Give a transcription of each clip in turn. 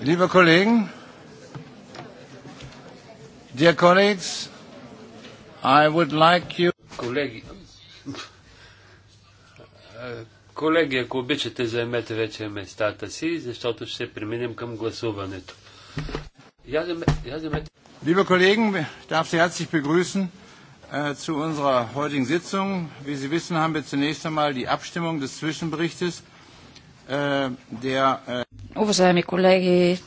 Liebe Kollegen, dear colleagues, I would like you... Колеги, колеги, ако обичате, заемете вече местата си, защото ще преминем към гласуването. Liebe Kollegen, ich darf Sie herzlich begrüßen äh, zu unserer heutigen Sitzung. Wie Sie wissen, haben wir zunächst einmal die Abstimmung des Zwischenberichtes е, е, Уважаеми колеги,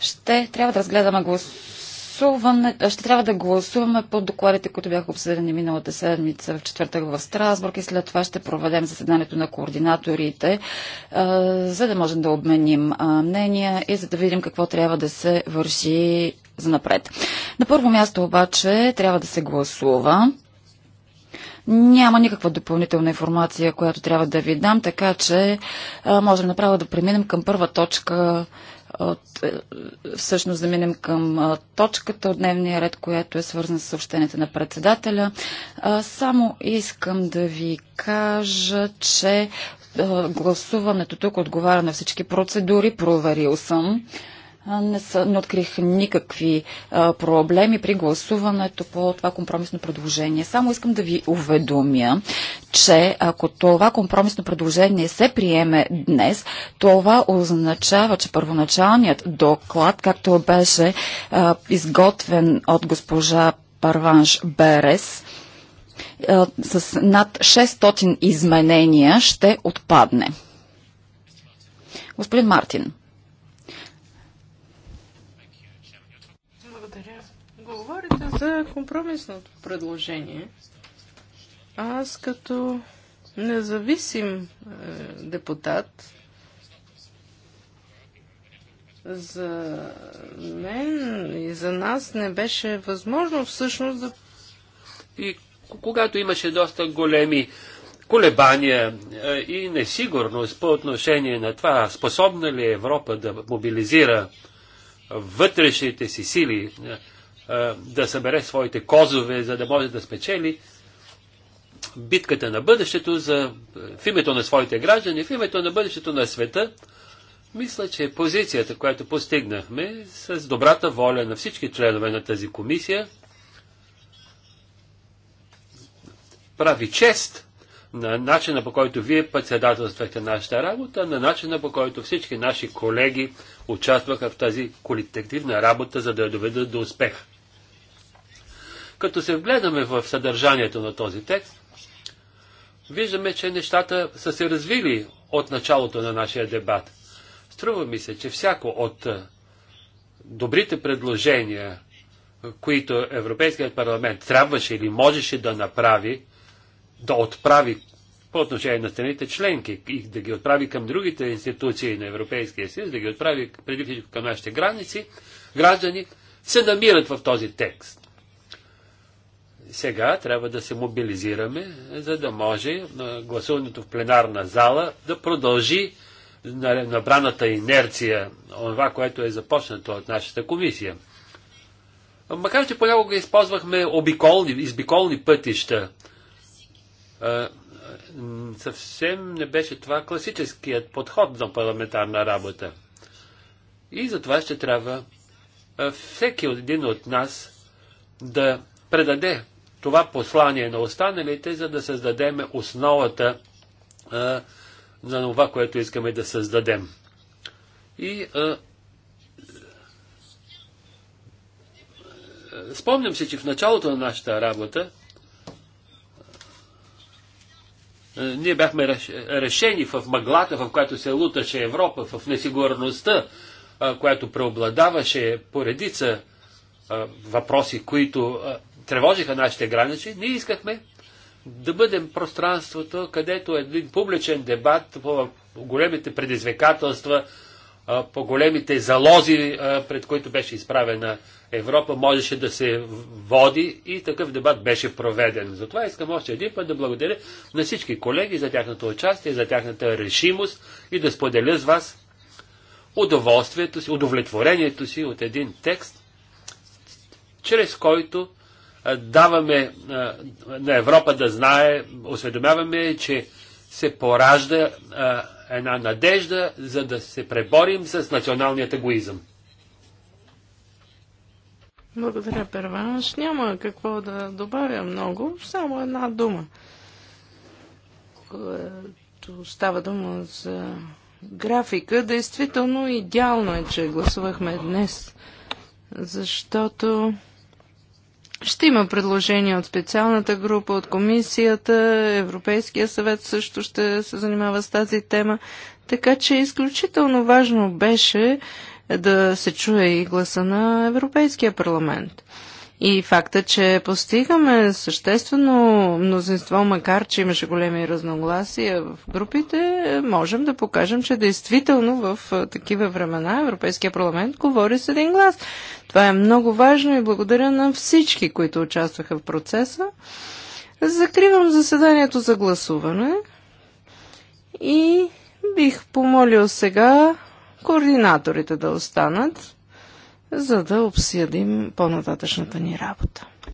ще трябва да разгледаме гласуване, ще трябва да гласуваме по докладите, които бяха обсъдени миналата седмица в четвъртък в Страсбург и след това ще проведем заседанието на координаторите, е, за да можем да обменим мнения и за да видим какво трябва да се върши за напред. На първо място обаче трябва да се гласува. Няма никаква допълнителна информация, която трябва да ви дам, така че можем направо да преминем към първа точка от, е, всъщност да минем към точката от дневния ред, която е свързана с съобщенията на председателя. Само искам да ви кажа, че гласуването тук отговаря на всички процедури. Проверил съм не, са, не открих никакви а, проблеми при гласуването по това компромисно предложение. Само искам да ви уведомя, че ако това компромисно предложение се приеме днес, това означава, че първоначалният доклад, както беше а, изготвен от госпожа Парванш Берес, а, с над 600 изменения ще отпадне. Господин Мартин. за компромисното предложение. Аз като независим е, депутат за мен и за нас не беше възможно всъщност да... И когато имаше доста големи колебания е, и несигурност по отношение на това, способна ли Европа да мобилизира вътрешните си сили, е, да събере своите козове, за да може да спечели битката на бъдещето за, в името на своите граждани, в името на бъдещето на света. Мисля, че позицията, която постигнахме с добрата воля на всички членове на тази комисия, прави чест на начина по който вие председателствахте нашата работа, на начина по който всички наши колеги участваха в тази колективна работа, за да я доведат до успеха. Като се вгледаме в съдържанието на този текст, виждаме, че нещата са се развили от началото на нашия дебат. Струва ми се, че всяко от е, добрите предложения, които Европейският парламент трябваше или можеше да направи, да отправи по отношение на страните членки и да ги отправи към другите институции на Европейския съюз, да ги отправи преди всичко към нашите граници, граждани, се намират в този текст сега трябва да се мобилизираме, за да може гласуването в пленарна зала да продължи набраната инерция, това, което е започнато от нашата комисия. Макар, че понякога използвахме обиколни, избиколни пътища, съвсем не беше това класическият подход на парламентарна работа. И за това ще трябва всеки един от нас да предаде това послание на останалите, за да създадем основата а, на това, което искаме да създадем. И а, спомням се, че в началото на нашата работа а, ние бяхме решени в мъглата, в която се луташе Европа, в несигурността, а, която преобладаваше поредица въпроси, които тревожиха нашите граници, ние искахме да бъдем пространството, където е един публичен дебат по големите предизвикателства, по големите залози, пред които беше изправена Европа, можеше да се води и такъв дебат беше проведен. Затова искам още един път да благодаря на всички колеги за тяхното участие, за тяхната решимост и да споделя с вас удоволствието си, удовлетворението си от един текст, чрез който даваме на Европа да знае, осведомяваме, че се поражда една надежда, за да се преборим с националният егоизъм. Благодаря, Перванш. Няма какво да добавя много, само една дума. Когато става дума за графика, действително идеално е, че гласувахме днес, защото ще има предложения от специалната група, от комисията, Европейския съвет също ще се занимава с тази тема. Така че изключително важно беше да се чуе и гласа на Европейския парламент. И факта, че постигаме съществено мнозинство, макар че имаше големи разногласия в групите, можем да покажем, че действително в такива времена Европейския парламент говори с един глас. Това е много важно и благодаря на всички, които участваха в процеса. Закривам заседанието за гласуване и бих помолил сега координаторите да останат за да обсъдим по-нататъчната ни работа.